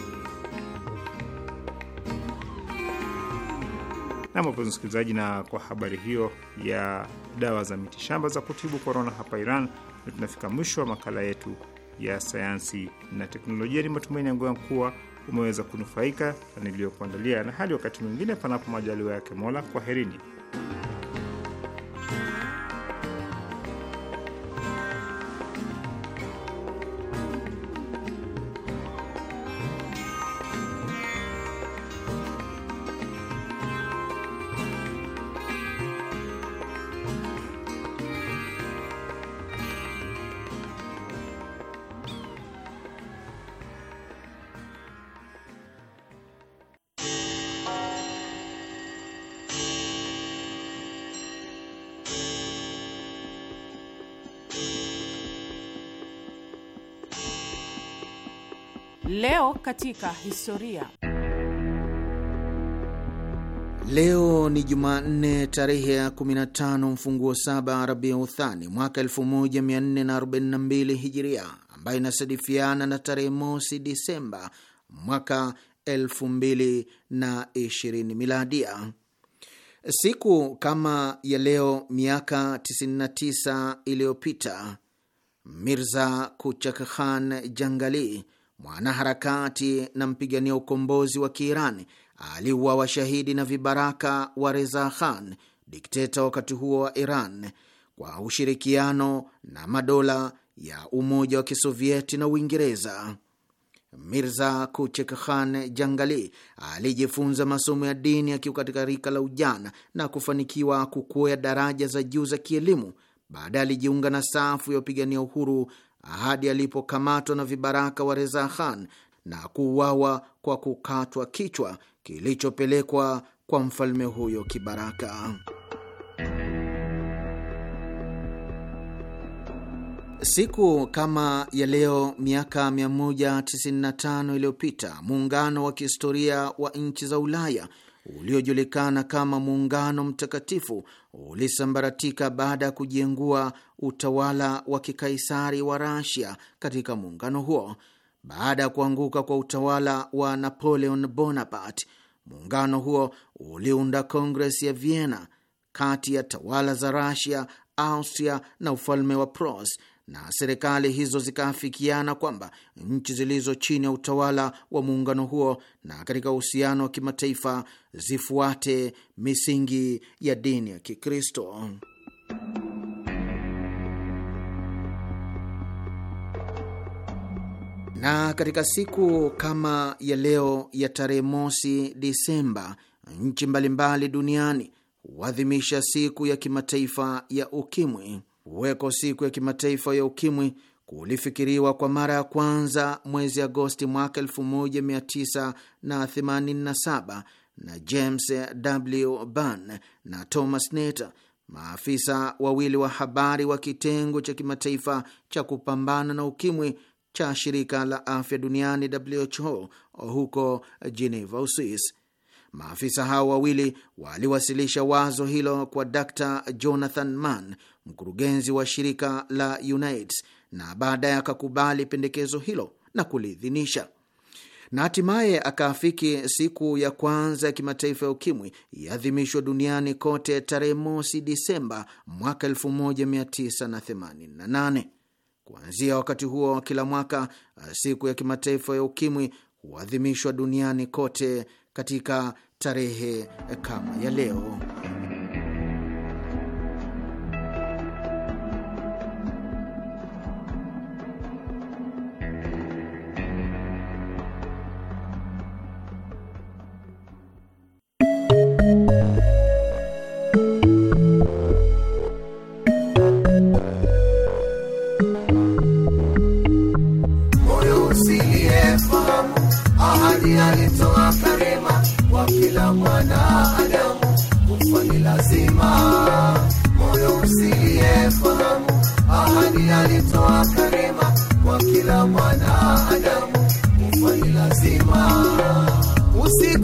Nam wapenzi msikilizaji, na kwa habari hiyo ya dawa za mitishamba za kutibu korona hapa Iran, na tunafika mwisho wa makala yetu ya sayansi na teknolojia. Ni matumaini yangu kuwa umeweza kunufaika na niliyokuandalia, na hadi wakati mwingine, panapo majaliwa yake Mola, kwaherini. katika historia. Leo ni Jumanne tarehe ya 15 mfunguo saba Rabia Uthani mwaka 1442 Hijiria, ambayo inasadifiana na tarehe mosi Disemba mwaka 2020 Miladia. Siku kama ya leo miaka 99 iliyopita Mirza Kuchak Khan Jangali mwanaharakati na mpigania ukombozi wa Kiirani, aliuwa washahidi na vibaraka wa Reza Khan, dikteta wakati huo wa Iran, kwa ushirikiano na madola ya Umoja wa Kisovieti na Uingereza. Mirza Kuchek Khan Jangali alijifunza masomo ya dini akiwa katika rika la ujana na kufanikiwa kukwea daraja za juu za kielimu. Baadaye alijiunga na safu ya wapigania uhuru hadi alipokamatwa na vibaraka wa Reza Khan na kuuawa kwa kukatwa kichwa kilichopelekwa kwa mfalme huyo kibaraka. Siku kama ya leo miaka 195 iliyopita muungano wa kihistoria wa nchi za Ulaya uliojulikana kama Muungano Mtakatifu ulisambaratika baada ya kujiengua utawala wa kikaisari wa Rasia katika muungano huo. Baada ya kuanguka kwa utawala wa Napoleon Bonaparte, muungano huo uliunda Kongres ya Vienna kati ya tawala za Rasia, Austria na ufalme wa Pros na serikali hizo zikaafikiana kwamba nchi zilizo chini ya utawala wa muungano huo na katika uhusiano wa kimataifa zifuate misingi ya dini ya Kikristo. Na katika siku kama ya leo ya tarehe mosi Disemba, nchi mbalimbali duniani huadhimisha siku ya kimataifa ya ukimwi kuwekwa siku ya kimataifa ya ukimwi kulifikiriwa kwa mara ya kwanza mwezi Agosti mwaka 1987 na James W. Ban na Thomas nater maafisa wawili wa habari wa kitengo cha kimataifa cha kupambana na ukimwi cha shirika la afya duniani WHO huko Geneva, Uswis. Maafisa hao wawili waliwasilisha wazo hilo kwa Dr Jonathan Mann, mkurugenzi wa shirika la UNAIDS na baadaye akakubali pendekezo hilo na kuliidhinisha na hatimaye akaafiki siku ya kwanza ya kimataifa ya ukimwi iadhimishwa duniani kote tarehe mosi Disemba mwaka 1988. Kuanzia wakati huo wa kila mwaka siku ya kimataifa ya ukimwi huadhimishwa duniani kote katika tarehe kama ya leo.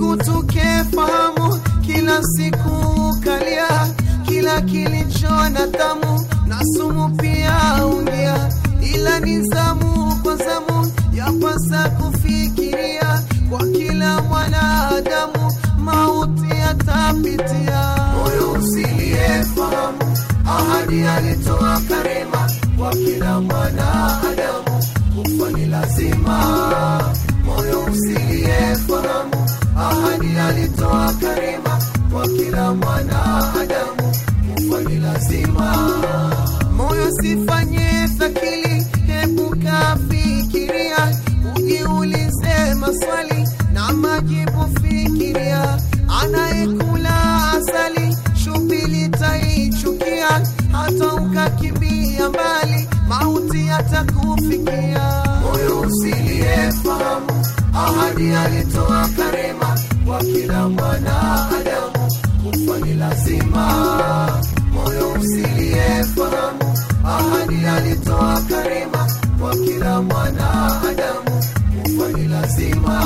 siku tukefahamu, kila siku kalia, kila kilicho na tamu na sumu pia ungia, ila ni zamu kwa zamu, yapasa kufikiria kwa kila mwanadamu mauti yatapitia. Moyo usiliyefahamu ahadi alitoa karema kwa kila mwanadamu, kufa ni lazima. Moyo usiliyefahamu Shetani alitoa karima kwa kila mwana adamu, kufa ni lazima. Moyo sifanye thakili, epuka fikiria, ujiulize maswali na majibu fikiria. Anayekula asali shubili taichukia, hata ukakimbia mbali, mauti atakufikia. Moyo fahamu, ahadi alitoa karima kwa kila mwanadamu. Kufa ni lazima, moyo usiyefahamu. Ahadi alitoa karima kwa kila mwanadamu. Kufa ni lazima,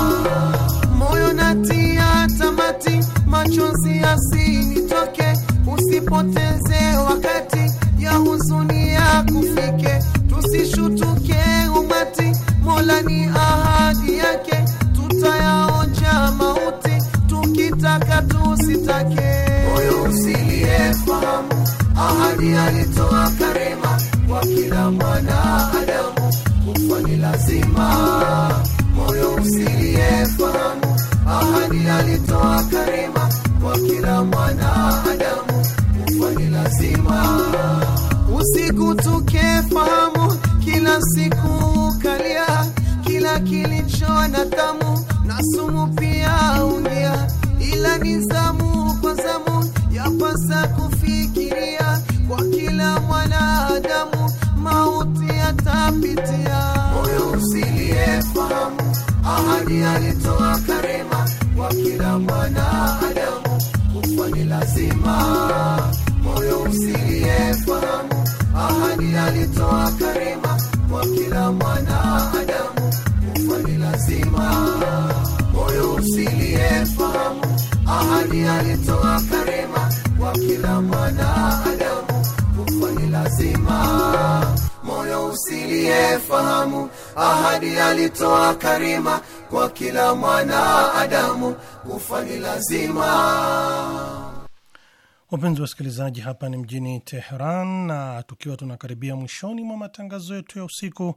moyo natia tamati, machozi yasinitoke, usipoteze wakati ya huzuni ya kufike tusishutuke umati, Mola ni ahadi yake, tutayaonja mauti haraka tu usitake moyo usiliyefahamu ahadi alitoa karema kwa kila mwanadamu kufa ni lazima moyo usiliyefahamu ahadi alitoa karema kwa kila mwanadamu kufa ni lazima usiku tukefahamu kila siku kalia kila kilicho na tamu na sumu pia unia ni zamu kwa zamu, yapasa kufikiria kwa kila mwanadamu, mauti yatapitia. Moyo usiliyefahamu ahadi alitoa karema kwa kila mwanadamu, kufa ni lazima. Moyo usiliyefahamu ahadi alitoa karema kwa kila mwanadamu, kufa ni lazima. Moyo usiliyefahamu ahadi alitoa karema kwa kila mwanadamu, kufa ni lazima, moyo usiliyefahamu. Ahadi alitoa karema kwa kila mwanadamu, kufa ni lazima. Wapenzi wasikilizaji, hapa ni mjini Teheran, na tukiwa tunakaribia mwishoni mwa matangazo yetu ya usiku,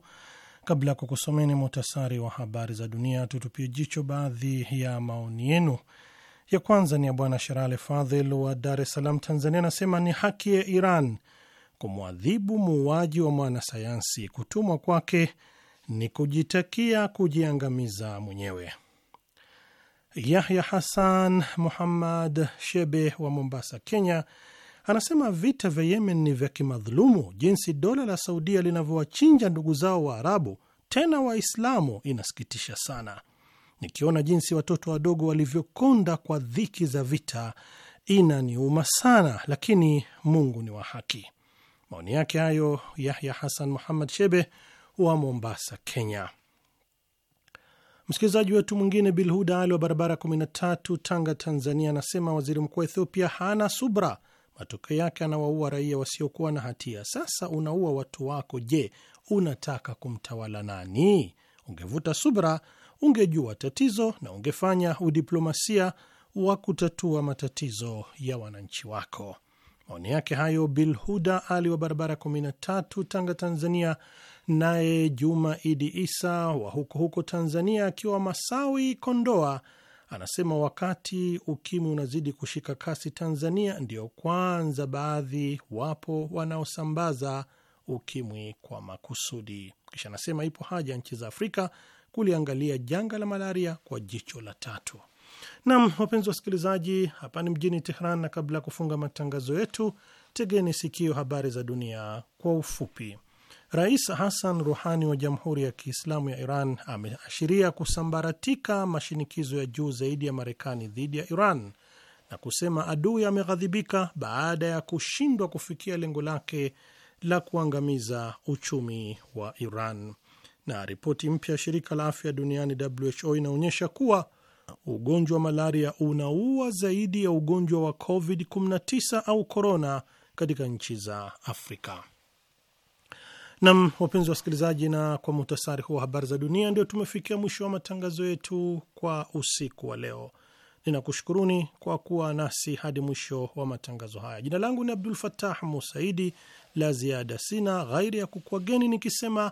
kabla ya kukusomeni muhtasari wa habari za dunia, tutupie jicho baadhi ya maoni yenu. Ya kwanza ni ya Bwana Sherale Fadhil wa Dar es Salaam, Tanzania, anasema ni haki ya Iran kumwadhibu muuaji wa mwanasayansi. Kutumwa kwake ni kujitakia kujiangamiza mwenyewe. Yahya Hasan Muhammad Shebe wa Mombasa, Kenya, anasema vita vya Yemen ni vya kimadhulumu. Jinsi dola la Saudia linavyowachinja ndugu zao wa arabu tena Waislamu, inasikitisha sana. Nikiona jinsi watoto wadogo walivyokonda kwa dhiki za vita, inaniuma sana, lakini Mungu ni wa haki. Maoni yake hayo Yahya Hasan Muhammad Shebe wa Mombasa, Kenya. Msikilizaji wetu mwingine Bilhuda Ali wa barabara 13, Tanga, Tanzania, anasema waziri mkuu wa Ethiopia hana subra, matokeo yake anawaua raia wasiokuwa na hatia. Sasa unaua watu wako, je, unataka kumtawala nani? Ungevuta subra ungejua tatizo na ungefanya udiplomasia wa kutatua matatizo ya wananchi wako. Maoni yake hayo Bil Huda Ali wa barabara 13 Tanga, Tanzania. Naye Juma Idi Isa wa huko huko Tanzania, akiwa Masawi, Kondoa, anasema wakati ukimwi unazidi kushika kasi Tanzania, ndio kwanza baadhi wapo wanaosambaza ukimwi kwa makusudi. Kisha anasema ipo haja nchi za Afrika kuliangalia janga la malaria kwa jicho la tatu. Nam, wapenzi wasikilizaji, hapa ni mjini Tehran, na kabla ya kufunga matangazo yetu, tegeni sikio habari za dunia kwa ufupi. Rais Hassan Ruhani wa Jamhuri ya Kiislamu ya Iran ameashiria kusambaratika mashinikizo ya juu zaidi ya Marekani dhidi ya Iran na kusema adui ameghadhibika baada ya kushindwa kufikia lengo lake la kuangamiza uchumi wa Iran na ripoti mpya ya shirika la afya duniani WHO inaonyesha kuwa ugonjwa wa malaria unaua zaidi ya ugonjwa wa COVID-19 au korona katika nchi za Afrika. Nam, wapenzi wa wasikilizaji, na kwa muhtasari huu wa habari za dunia, ndio tumefikia mwisho wa matangazo yetu kwa usiku wa leo. Ninakushukuruni kwa kuwa nasi hadi mwisho wa matangazo haya. Jina langu ni Abdul Fatah Musaidi. La ziada sina ghairi ya kukwageni nikisema